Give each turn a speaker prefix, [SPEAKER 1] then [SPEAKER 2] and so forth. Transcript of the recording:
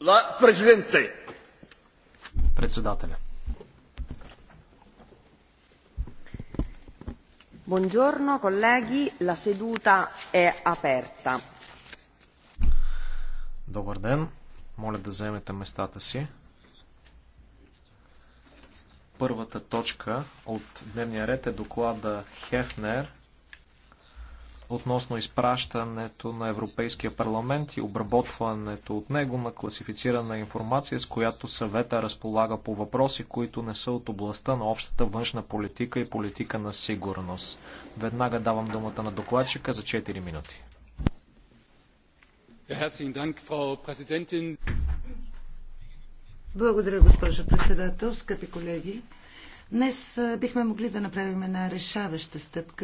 [SPEAKER 1] La Presidente. Председателя.
[SPEAKER 2] Buongiorno colleghi, la seduta è aperta.
[SPEAKER 3] Добър ден. Моля да заемете местата си. Първата точка от дневния ред е доклада Хефнер относно изпращането на Европейския парламент и обработването от него на класифицирана информация, с която съвета разполага по въпроси, които не са от областта на общата външна политика и политика на сигурност. Веднага давам думата на докладчика за 4 минути.
[SPEAKER 4] Благодаря, госпожо председател, скъпи колеги. Днес бихме могли да направим една решаваща стъпка